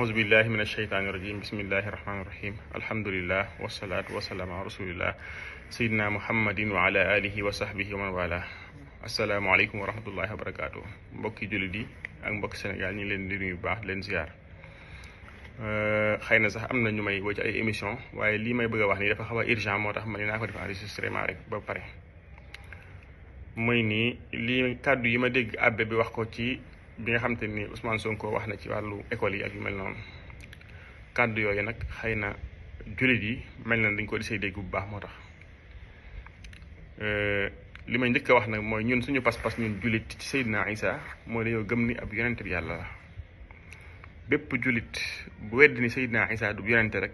أعوذ بالله من الشيطان الرجيم بسم الله الرحمن الرحيم الحمد لله والصلاة والسلام على رسول الله سيدنا محمد وعلى آله وصحبه ومن والاه السلام عليكم ورحمة الله وبركاته بوكي جلدي أن بوكي سنغال ني لين دي باخ لين زيار ا أه، خاينا صح امنا ني ماي واي اي ايميشن واي لي ماي بغا واخ ني دا فا خوا ارجان موتاخ ماني نكو ديفا ريجستري ما ريك با باري موي ني لي كادو يما ديغ ابي بي واخ كو bi nga xam te ni Ousmane Sonko wax na ci wàllu école yi ak yu mel noonu kàddu yooyu nag xëy na jullit yi mel na dañ ko disee dégg bu baax moo tax euh, li may njëkk a wax nag mooy ñun suñu pas-pas ñun jullit ci Seydina Isa mooy dañoo gëm ni ab yonente bi yàlla la bépp jullit bu wedd ni Seydina Isa du yonente rek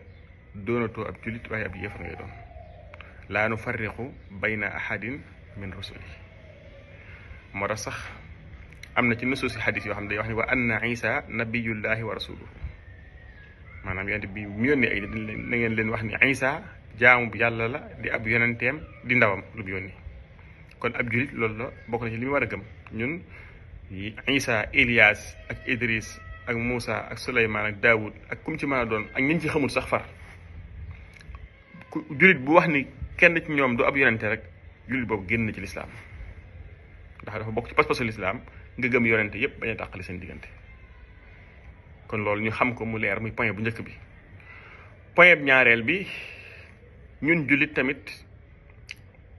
doonatoo ab jullit waaye ab yéefar ngay doon laa nu farriqu bayna ahadin min rusuli moo tax sax am na ci nusuusi xadis yoo xam ne day wax ni wa anna isa nabiyullahi wa rasuluhu maanaam yonent bi mu yónnee ay na ngeen leen wax ni isa jaamu bu yàlla la di ab yonenteem di ndawam lu mu yónni kon ab julit loolu la bokk na war a gëm ñun isa Ilias ak Idris ak Moussa ak Souleymane ak Daoud ak kum a doon ak ñiñ ci xamul sax far ku bu wax ni kenn ci ñoom du ab yonente rek julit boobu génn ci lislaam ndax dafa bokk ci pas-pasu lislaam nga gëm yonente yépp bañ a tàqali seen diggante kon loolu ñu xam ko mu leer muy point bu njëkk bi point ñaareel bi ñun julit tamit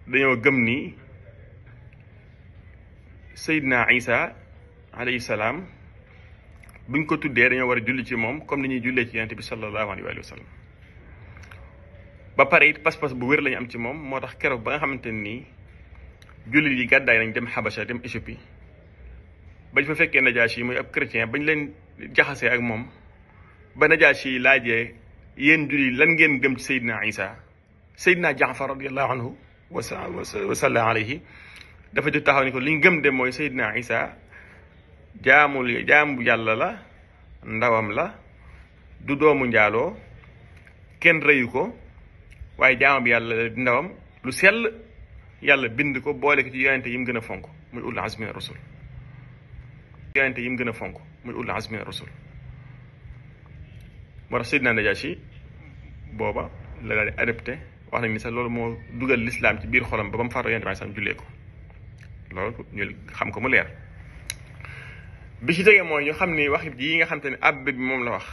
dañoo gëm ni Seydina Isa alayhi salaam buñ ko tuddee dañoo war a julli ci moom comme ni ñuy jullee ci yonente bi sallallahu alayhi wa sallam ba pare it pas-pas bu wér lañu am ci moom moo tax keroog ba nga xamante nii yi gàddaay nañ dem dem Éthiopie bañ fa fekkee Najaasi muy ab chrétien bañ leen jaxasee ak moom ba Najaasi laajee yéen julli lan ngeen gëm ci Seydina Isa Seydina Jaafar radiallahu anhu wa salla alayhi dafa jot taxaw ni ko li ñu gëm de mooy Seydina Isa jaamul jaamu yàlla la ndawam la du doomu njaaloo kenn reyu ko waaye jaamu bi yàlla di ndawam lu sell yàlla bind ko boole ko ci yonente yi mu gën a fonk muy ulul azmi rasul yaayante yi mu gën a fonk muy ulul azmi rasul moo tax Seydina Najaashi booba la daal di adapté wax nañ ni loolu moo dugal lislaam ci biir xolam ba ba mu faatoo yonent bi sax jullee ko loolu ñu xam ko mu leer bi ci tege mooy ñu xam ni wax ji yi nga xam te ne abbé bi moom la wax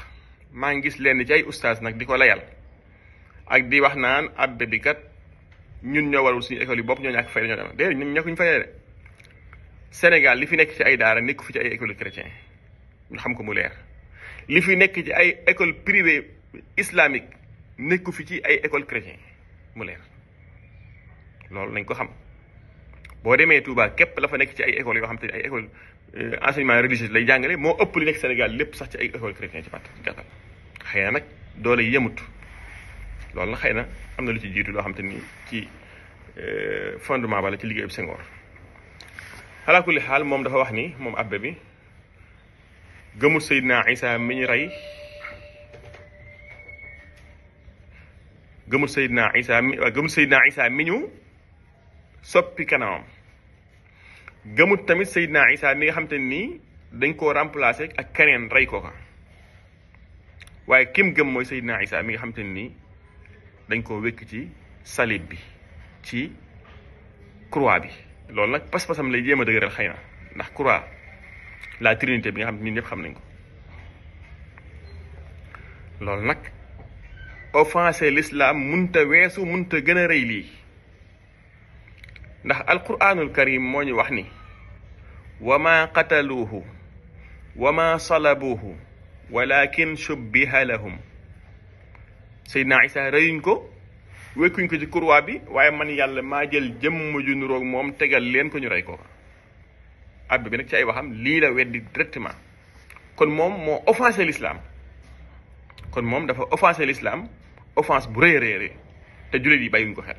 maa ngi gis lenn ci ay ustaas nag di ko layal ak di wax naan abbé bi kat ñun ñoo warul suñu école yi bopp ñoo ñàkk fay ñoo dem déedéet ñun ñàkkuñ fayee de Sénégal li fi nekk ci ay daara nekk fi ci ay école chrétien ñu xam ko mu leer li fi nekk ci ay école privée islamique nekku fi ci ay école chrétien mu leer loolu nañ ko xam boo demee Touba képp la fa nekk ci ay écoles yoo xam te ay école enseignement religieux lay jàngale moo ëpp li nekk Sénégal lépp sax ci ay école chrétien ci fàtt gàttal xëy na nag doole yemut loolu na xëy na am na lu ci jiitu loo xam te ni ci fondement bala ci liggéeyu Senghor ala kulli xaal moom dafa wax ni moom abbe bi seyd Seydina Isa mi ñu rey gëmul Seydina Isa mi Isa mi ñu soppi kanamam gëmul tamit Seydina isaa mi nga xam te nii dañ koo remplacer ak keneen rey ko waaye kim gëm mooy Seydina isaa mi nga xam te nii dañ koo wékk ci salib bi ci croix bi loolu nag pas-pasam lay jéem a dëgëral xëy na ndax croix la trinité bi nga xam ne ñun ñëpp xam nañ ko loolu nag offensé l'islam munta weesu munta gën a rëy lii ndax alquranul karim moo ñu wax ni wa ma qataluuhu wa ma salabuuhu walakin shubbiha lahum seydna isa ko wékkuñ ko ci croix bi waaye man yàlla maa jël jëmm ju niroog moom tegal leen ko ñu rey ko abdu bi nag ci ay waxam lii la weddi directement kon moom moo offensé l'islam kon moom dafa offensé l'islam offense bu rëy rëy rëy te jullit yi bàyyiñ ko xel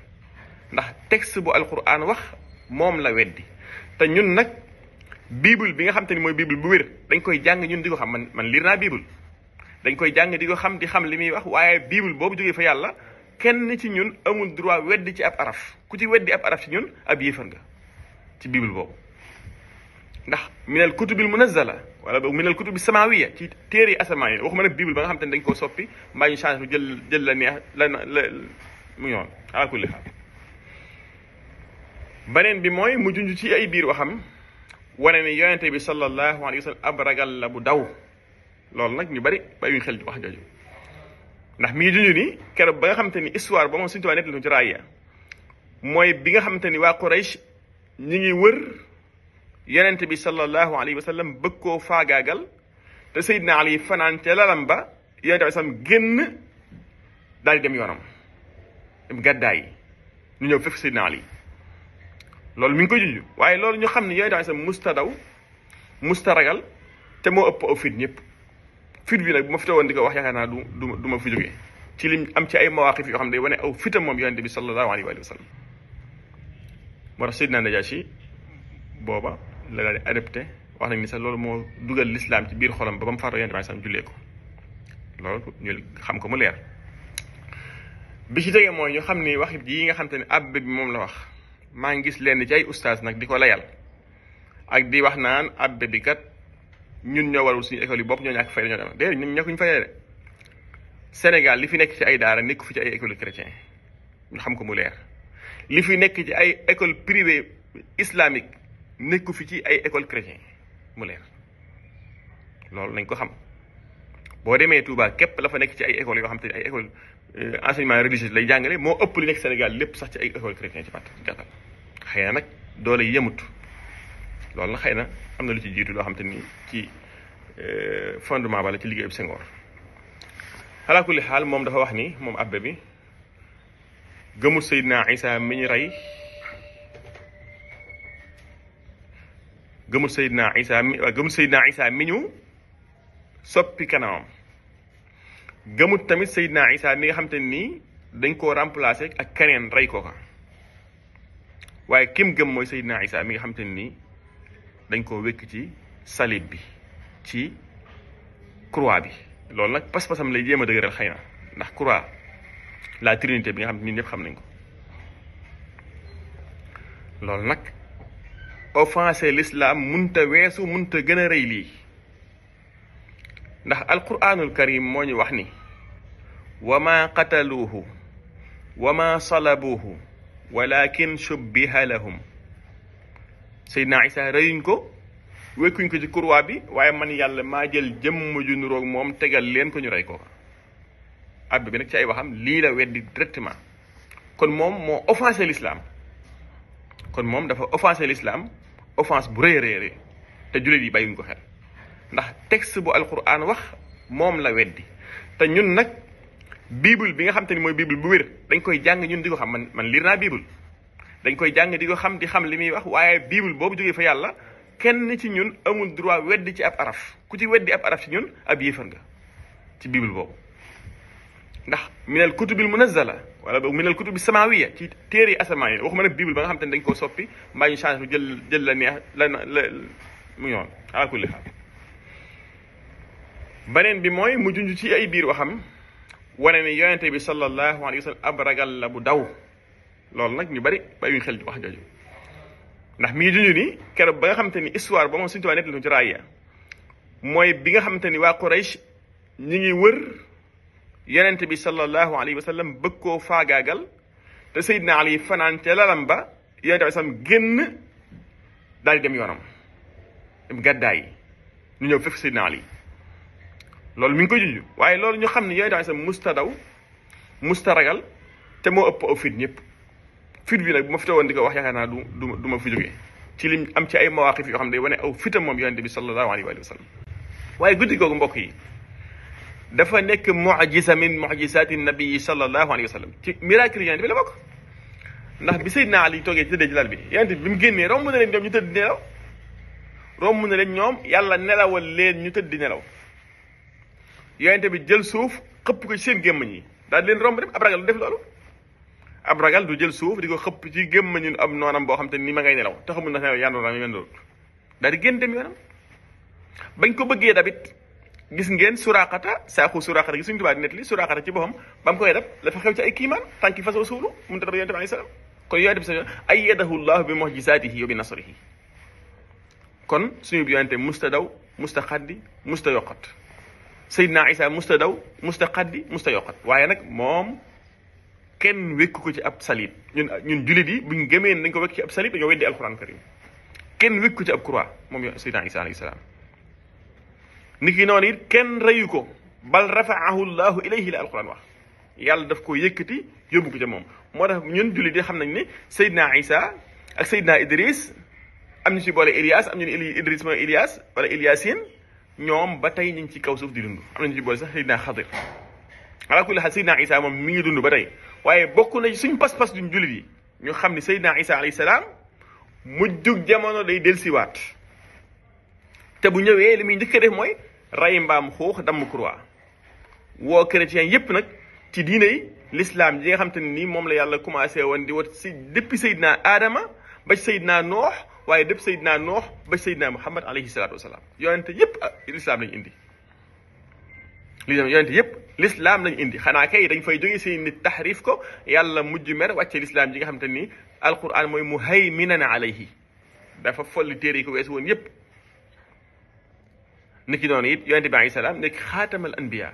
ndax texte bu alquran wax moom la weddi te ñun nag bible bi nga xam te ni mooy bible bu wér dañ koy jàng ñun di ko xam man man liir naa bible dañ koy jàng di ko xam di xam li muy wax waaye bible boobu jógee fa yàlla kenn ci ñun amul droit weddi ci ab araf ku ci weddi ab araf ci ñun ab yéefar nga ci bible boobu ndax minal kutubil munazala wala boog minal kutubi samawiya ci téere yi asamaan yi waxuma nag bible ba nga xam te ne dañ koo soppi mbaa ñu change lu jël jël la neex la la mu ñoon ala kulli xaal beneen bi mooy mu junj ci ay biir waxam wane ne yonente bi sallallahu alayhi wa sallam ab ragal la bu daw loolu nag ñu bari bàyyi xel wax jooju ndax mi ngi junj keroog ba nga xamante ni histoire ba moom suñu tubaab nekk nañu ci raaya mooy bi nga xamante ni waa Quraysh ñi ngi wër yonent bi sallallahu alayhi wa sallam bëgg koo faagaagal te Seydina Ali fanaan ca lalam ba yonent sam génn daal di dem yoonam dem gàddaay ñu ñëw fekk Seydina Ali loolu mi ngi koy waaye loolu ñu xam ne yonent bi sam musta daw musta ragal te moo ëpp aw fit ñëpp. fit bi nag bu ma fi teewoon di ko wax yaakaar naa du du ma fi jógee ci lim am ci ay mawaqif yoo xam ne day wane aw fita moom yonente bi sallallahu alayhi wa sallam moo tax Seydina booba la daal wax nañ ni sax loolu moo dugal lislaam ci biir xolam ba ba mu faatoo yonente bi xam ko mu leer bi ci tege mooy xam ni waxit yi nga xam te ne moom la wax maa ngi gis lenn ci ay ustaas nag di ko layal ak di wax naan abbé bi kat ñun ñoo warul suñu école yi bopp ñoo ñàkk fay ñoo dem déedéet ñun ñàkkuñu de Sénégal li fi nekk ci ay daara nekku fi ci ay école chrétien xam ko mu leer li fi nekk ay école privée islamique nekku fi ci ay école chrétien mu leer loolu nañ ko xam boo demee Touba képp la fa nekk ci ay école yoo xam te ay école euh, enseignement religieux lay jàngale moo ëpp li nekk Sénégal lépp sax ci ay école chrétien ci pat gàttal xëy nag doole yemut loolu na xëy na am na lu ci jiitu loo xam te ni ci euh, fondement bala ci liggéey bi Senghor ala moom dafa wax ni moom abbe bi gëmul Seydina Isa mi ñu rey gëmul Seydina Isa mi waaw gëmul Seydina mi ñu soppi kanamam gëmul tamit Seydina Isa mi nga xam te nii dañ koo remplacer ak keneen rey ko ka waaye kim gëm mooy Seydina Isa mi nga xam te nii dañ ko wékk ci salib bi ci croix bi loolu nag pas-pasam lay jéem a dëgëral xëy na ndax croix la trinité bi nga xam ne ñëpp xam nañ ko loolu nag offensé l'islam munta weesu munta gën a rëy lii ndax alquranul karim moo ñu wax ni wa ma qataluuhu wa ma salabuuhu walakin shubbiha lahum naa Isa reyuñ ko wekkuñ ko ci croix bi waaye man yàlla maa jël jëmm ju niroog moom tegal leen ko ñu rey ko abdu bi nag ci ay waxam lii la weddi directement kon moom moo offensé l'islam kon moom dafa offensé l'islam offense bu rëy rëy rëy te jullit yi bàyyiñ ko xel ndax texte bu alquran wax moom la weddi te ñun nag bible bi nga xam te ni mooy bible bu wér dañ koy jàng ñun di ko xam man man liir naa bible dañ koy jàng di ko xam di xam li muy wax waaye bible boobu jógee fa yàlla kenn ci ñun amul droit weddi ci ab araf ku ci weddi ab araf ci ñun ab yéefar nga ci bible boobu ndax minal al munazzala wala boog minal kutubi samawiya ci téere yi asamaan yi waxuma nag bible ba nga xam ne dañ koo soppi mbaa ñu change lu jël jël la neex la la mu ñoon ala kulli xaal beneen bi mooy mu junj ci ay biir waxam wane ne yonente bi sallallahu alayhi wa sallam ab ragal la bu daw loolu nag ñu bari bàyyiwuñ xel wax jooju mi ngi junj keroog ba nga xamante ni histoire ba moom suñu tubaab nettali ci raaya mooy bi nga xamante ni waa Quraysh ñi ngi wër yonent bi sallallahu alayhi wa sallam bëgg koo faagaagal te Seydina Ali fanaan ca lalam ba yonent bi sam génn daal di dem yoonam dem gàddaay ñu ñëw fekk Seydina Ali loolu mi ngi koy waaye loolu ñu xam ne yonent bi sam musta daw musta ragal te moo ëpp aw fit ñëpp fit bi nak bu ma fi teewoon di wax yaakaar du duma fi jógee ci lim am ci ay mawaqif yo xam day wone aw fitam mom yonente bi sallallahu alayhi wa sallam waye guddi googu mbok yi dafa nek mujisa min mujisati nabii sallallahu alayhi wa sallam ci miracle yonente bi la bok ndax bi Seydina Ali toogee ci tëddee jilal bi yonente bi mu genné romu na len ñom ñu tëdd di nelaw romu na len ñom yàlla nelawal len ñu tëdd di nelaw yonente bi jël suuf xep ko seen gémmañ yi dal len romu dem ab ragal def lolu ab ragal du jël suuf di ko xëpp ci gémmañu ab noonam boo xam te ni ma ngay nelaw te xamul na xew ne yandoona mi mendool daal di génn dem yoonam bañ ko bëggee dabit gis ngeen suraqata saaxu suraqata gis suñu tubaab di net li suraqata ci boppam ba mu koy dab la fa xew ci ay kiimaan tànki fasoo suulu mun ta dab yonent bi alayhi salaam kon yonent bi sa ayyadahu llahu bi mu'jizaatihi wa bi nasrihi kon suñu yonente musta daw musta xaddi musta yokkat Seydina Isa musta daw musta xaddi musta yokkat waaye nag moom kenn wékku ko ci ab salit ñun ñun bu yi buñ gëmee nañ ko wekk ci ab salit dañoo weddi alxuraan karim kenn wékku ko ci ab croix moom seydina isa alayhi salaam niki noonu it kenn reyu ko bal rafaahu llahu ilayhi la alxuraan wax yàlla daf ko yëkkati yóbbu ko ca moom moo tax ñun jullit yi xam nañ ni seydina isa ak seydina idris am ñu ci boole Ilias am ñu ne Idris mooy Ilias wala Iliasine ñoom ba tey ñu ngi ci kaw suuf di dund am nañu ci boole sax seydina xadir ala kulli xaal Seydina Isa moom mi ngi dund ba tey waaye bokk na suñ pas-pas duñ jullit yi ñu xam ni Seydina Isa alayhi salaam mujjug jamono day dellusiwaat te bu ñëwee li muy njëkk a def mooy ray mbaam xuux damm croix woo chrétien yëpp nag ci diine yi l'islam yi nga xam te ne nii moom la yàlla commencé woon di wat si depuis Seydina Adama ba Seydina Noox waaye depuis Seydina Noox ba Seydina Muhammad alayhi salaatu wasalaam yonente yépp l'islam lañu indi li dem yonent yëpp l'islam lañ indi xana kay dañ fay jóge seen nit tahrif ko yàlla mujj mer wàcce l'islam ji nga xamanteni alquran moy muhayminan alayhi dafa folli téré ko wess won yëpp niki non noonu it yonent bi sallam nek nekk xaatamal anbiya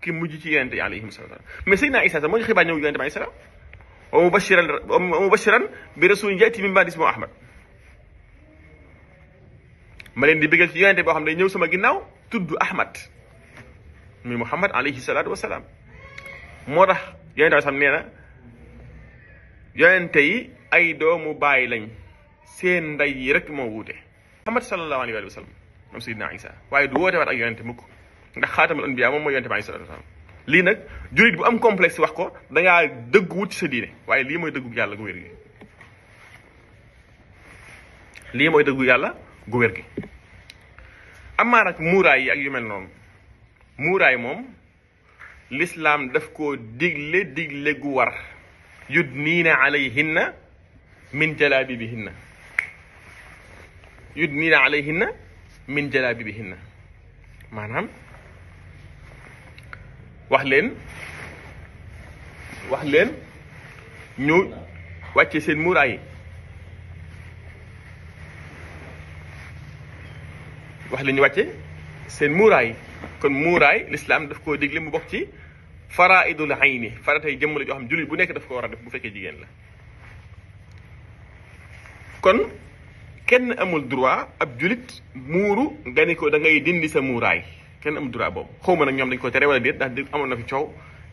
ki mujj ci yonent yi alayhim salaam mais sayna Isa sax moo ñu ñëw yonent bi sallam salaam wa mubashiran wa mubashiran bi rasulin yati min baadi ismu ahmad ma leen di bëggal ci yonent boo xam ne ñëw sama ginnaaw tudd ahmad muy Muhammad alayhi salaatu wasalaam moo tax yonente bi sam nee yi ay doomu baay lañ seen ndey yi rek moo wuute Muhammad sallallahu alayhi wa sallam moom Isa waaye du woote waat ak yonente mukk ndax xaatamul anbiya moom mooy yonente bi alayhi salaatu wasalaam lii nag jurit bu am complexe wax ko dangaa dëgg wut ci waaye lii mooy dëggu yàlla gu wér mooy dëggu yàlla gu gi amaa nag muuraay yi ak yu mel noonu muuraay moom lislaam def ko digle digle gu war yudniina alayhinna min jalaabibihinna yudniina alayhinna min jalaabibihinna maanaam wax leen wax leen ñu wàcce seen muuraay yi wax leen ñu wàcce seen muuraay kon muray l'islam daf ko digle mu bok ci faraidul ayni faratay jëmm la jo xam julli bu nek daf ko wara def bu fekke jigen la kon kenn amul droit ab julit muru ngani ko da ngay dindi sa muray kenn amul droit bob xawma nak ñom dañ ko tere wala dit ndax di na fi ciow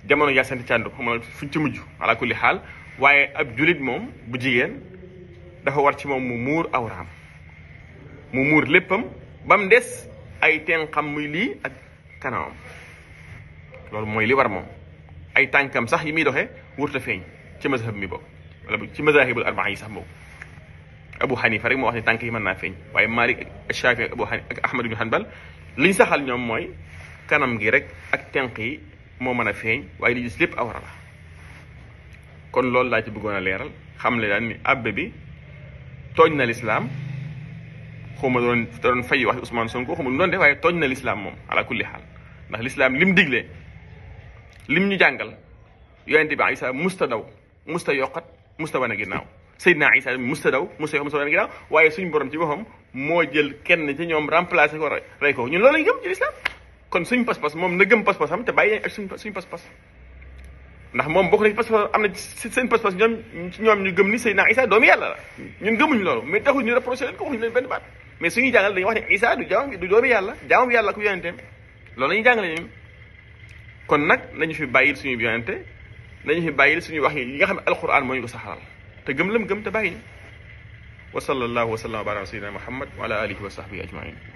jamono ya sante xaw xawma fuñ ci muju ala kulli hal waye ab julit mom bu jigéen dafa war ci mom mu mur awram mu mur léppam bam dess ay tenxam muy li ak kanamam loolu mooy li war moom ay tànkam sax yi muy doxee wurta feeñ ci mazhab mi bokk wala ci mazahibul arbaa yi sax bokk abu xanifa rek moo wax ne tànk yi mën naa feeñ waaye malik ak shafi ak abu xanifa ak ahmad ibnu hanbal liñ saxal ñoom mooy kanam gi rek ak tenq yi moo mën a feeñ waaye li gis lépp awra la kon loolu laa ci bëggoon a leeral xam le daan ni abbe bi tooñ na lislaam xuma doon doon fay wax Ousmane Sonko xuma lu doon def waaye tooñ na lislaam moom ala kulli xaal ndax lislaam lim digle lim ñu jàngal yonent bi isa musta daw musta yokkat musta wane ginnaaw Seydina isa musta daw musta yokkat musta wane ginnaaw waaye suñu borom ci boppam moo jël kenn ci ñoom remplacé ko rey ko ñun loolu lañ gëm ci lislaam kon suñ pas-pas moom na gëm pas-pasam te bàyyi ak suñ suñ pas-pas ndax moom bokk na ci pas-pas am na seen pas-pas ñoom ci ñoom ñu gëm ni Seydina isa doomu yàlla la ñun gëmuñ wax ne isa du jaam yàlla jaamam yàlla ku yonenteem loolu la ñuy jàngale ñun kon nag nañu fi bàyyil suñu yonente nañu fi bàyyil suñu wax yi nga xam ne alquran moo ñu ko saxaral te gëm lam gëm te bàyyi ñu wa sallallahu wa sallam wa baraka sayyidina muhammad wa ala alihi wa sahbihi ajmain